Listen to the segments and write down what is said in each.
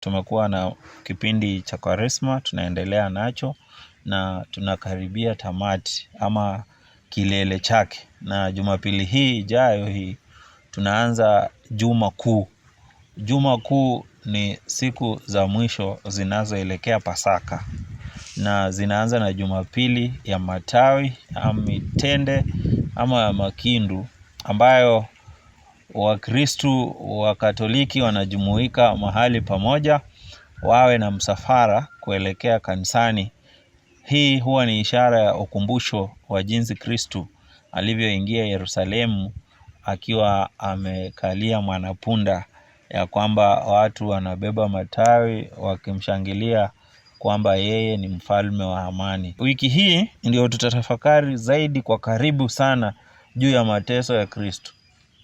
Tumekuwa na kipindi cha kwaresma, tunaendelea nacho na tunakaribia tamati ama kilele chake. Na jumapili hii ijayo hii tunaanza juma kuu. Juma kuu ni siku za mwisho zinazoelekea Pasaka na zinaanza na Jumapili ya Matawi ama Mitende ama ya Makindu ambayo Wakristu Wakatoliki wanajumuika mahali pamoja wawe na msafara kuelekea kanisani. Hii huwa ni ishara ya ukumbusho wa jinsi Kristu alivyoingia Yerusalemu akiwa amekalia mwanapunda, ya kwamba watu wanabeba matawi wakimshangilia kwamba yeye ni mfalme wa amani. Wiki hii ndio tutatafakari zaidi kwa karibu sana juu ya mateso ya Kristu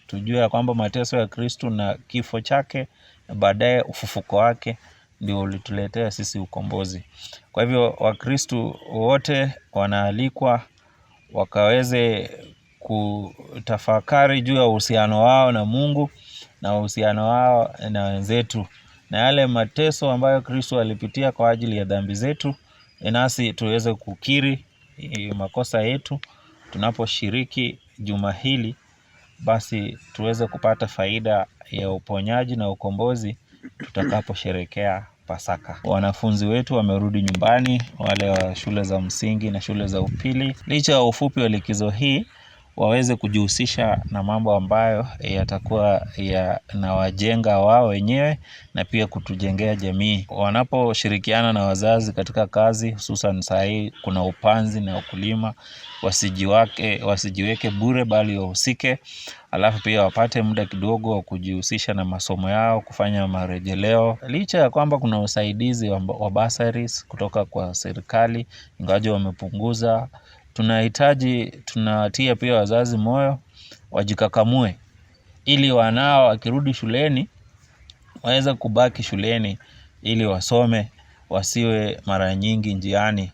tujue ya kwamba mateso ya Kristu na kifo chake na baadaye ufufuko wake ndio ulituletea sisi ukombozi. Kwa hivyo Wakristu wote wanaalikwa wakaweze kutafakari juu ya uhusiano wao na Mungu na uhusiano wao na wenzetu, na yale mateso ambayo Kristu alipitia kwa ajili ya dhambi zetu, e nasi tuweze kukiri e, makosa yetu tunaposhiriki juma hili basi tuweze kupata faida ya uponyaji na ukombozi tutakaposherekea Pasaka. Wanafunzi wetu wamerudi nyumbani, wale wa shule za msingi na shule za upili. Licha ya ufupi wa likizo hii waweze kujihusisha na mambo ambayo eh, yatakuwa yanawajenga wao wenyewe na pia kutujengea jamii. Wanaposhirikiana na wazazi katika kazi, hususan saa hii kuna upanzi na ukulima, wasijiwake wasijiweke bure, bali wahusike. Alafu pia wapate muda kidogo wa kujihusisha na masomo yao, kufanya marejeleo. Licha ya kwamba kuna usaidizi wa bursaries kutoka kwa serikali, ingawaje wamepunguza tunahitaji tunatia pia wazazi moyo wajikakamue ili wanao wakirudi shuleni waweze kubaki shuleni ili wasome wasiwe mara nyingi njiani